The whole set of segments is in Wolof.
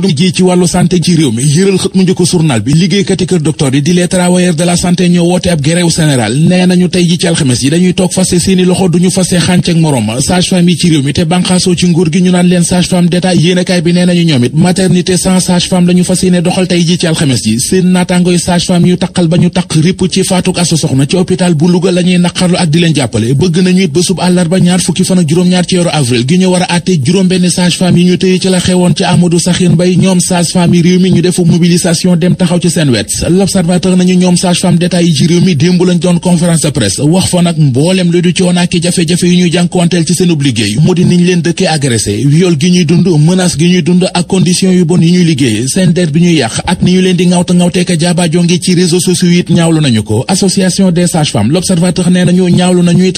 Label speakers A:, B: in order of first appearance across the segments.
A: mu ji ci wàllu santé ci réew mi yëral xët mu njëkko journal bi liggéeykati kër docteur yi di les travailleurs de la santé ñoo woote ab grève général nee nañu tey ji ci alxames yi dañuy toog fase seeni loxo duñu fase xànc ak morom sage-femme yi ci réew mi te banqaasoo ci nguur gi ñu naan leen sage-femme d'état yéenekaay bi nee nañu ñoom it maternité sans sage-femme la ñu fas yéene doxal tey ji ci alxames yi seen naataangoy sage-femme yu taqal ba ñu taq ripp ci faatuk asu soxna bu Louga la ñuy naqarlu ak di leen jàppale bëgg nañu it bésub ñaar fukki fan ak juróom-ñaar ci war a benn sage-femme ñu tëye ci la xewoon ci bay ñoom sage-femme yi réew ñu defu mobilisation dem taxaw ci seen wet l'observateur nañu ñoom sage-femme d'État yi ci réew mi démb lañ doon conférence de presse wax fa nag mboolem lu du coonaaki jafe-jafe yu ñuy jànkuwanteel ci seen liggéey mu di niñ leen dëkkee agressé viol gi ñuy dund menace gi ñuy dund ak condition yu bon yi ñuy liggéey seen der bi ñuy yàq ak ni ñu leen di ngawta ngawteeka jaabaajoo ci réseaux sociaux it ñaawlu ñaawlu nañu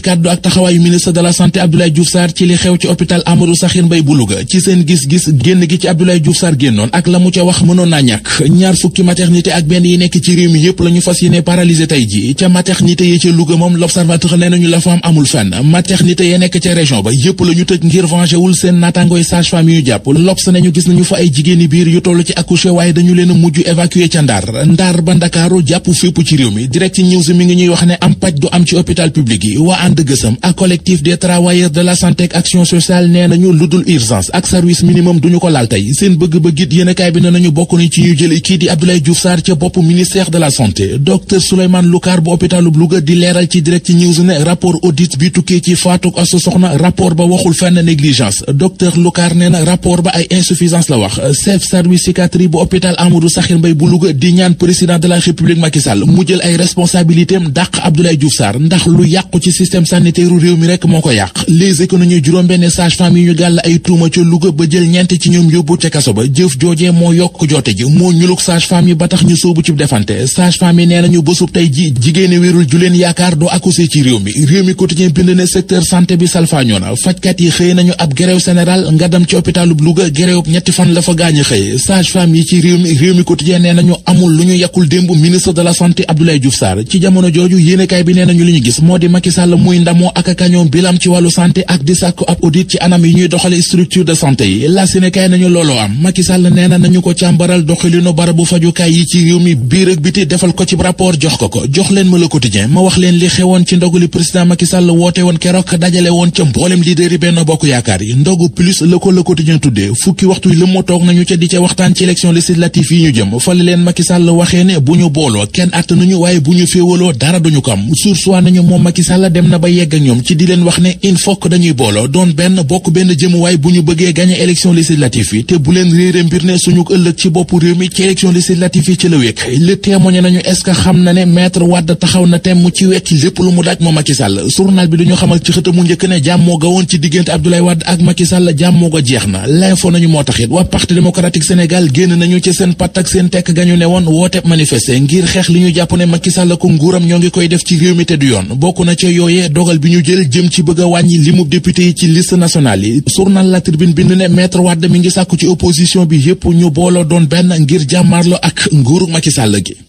A: Sarr génnoon ak la mu ca wax mënoon naa ñàkk ñaar fukki maternité ak benn yi nekk ci réew mi yépp la ñu fas yéene paralysé tey ji ca maternité yi ca Louga moom l'observateur nee nañu la fa amul fenn maternité ya nekk ca région ba yépp la tëj ngir vengé seen naataangooy sage-femme yu jàpp l'Obs nañu gis nañu fa ay jigéeni biir yu toll ci accouché waaye dañu leen mujj évacué ca Ndar Ndar ba Ndakaaru jàpp fépp ci réew mi direct news mi ngi ñuy wax bëggit yéenekaay bi ne nañu bokk nañ ci ñu jël kii di Abdoulaye Diouf Sarr ca bopp ministère de la santé docteur Souleymane Loukar bu hôpital bu Louga di leeral ci direct news ne rapport audit bi tukkee ci faatuk asu soxna rapport ba waxul fenn négligence docteur Loukar nee na rapport ba ay insuffisance la wax chef service psychiatrie bu hôpital Amadou Sakhir Mbaye bu Louga di ñaan président de la république Macky Sall mu jël ay responsabilités am dàq Abdoulaye Diouf Sarr ndax lu ci système sanitaire mi rek moo ko yàq les économies juróom-benn sage-femme yi ñu gàll ay tuuma ca Louga ñoom yóbbu ca jëf joojee moo yokk joote ji moo ñuluk sage-femme yi ba tax ñu soobu ci defante sage-femme yi nee nañu bësub tey ji jigéeni wérul ju yaakaar doo accoucher ci réew mi réew mi quotidien bind ne secteur santé bi salfaañoo na fajkat yi xëy nañu ab grève général nga dem ci hôpitalub Louga grève ñetti fan la fa gaañi xëy sage-femme yi ci réew mi réew mi quotidien nee nañu amul lu ñu yàkkul démb ministre de la santé Abdoulaye Diouf Sarr ci jamono jooju yéenekaay bi nee nañu li ñu gis moo a kañoom bilam ci wàllu santé ak di sàkku ab anam yi ñuy doxale structure de santé yi la yéenekaay nañu Sall nee na nañu ko càmbaral doxalinu barabu fajukaay yi ci réew mi biir biti defal ko ci rapport jox ko ko jox leen ma le quotidien ma wax leen li xewoon ci ndogu li président Macky Sall woote woon keroog dajale woon ca mboolem leader yi benn bokk yaakaar yi ndogu plus la ko le quotidien tuddee fukki waxtu yi lëmma toog nañu ca di ca waxtaan ci élection législative yi ñu jëm fale leen Macky Sall waxee ne bu ñu booloo kenn àttanuñu waaye bu ñu am sursoi nañu moom Macky dem na ba yegg ak ñoom ci di leen wax ne il faut que dañuy booloo doon benn bokk benn jëmuwaay bu ñu bëggee gagner élection législative yi te bu réere mbir ne suñu ëllëg ci bopp réew mi ci élection législative yi yi ci liste bind ne maître Wade mi ngi sàkku ci opposition opposition bi yëpp ñu booloo doon benn ngir jàmmarloo ak nguuru Macky Sall gi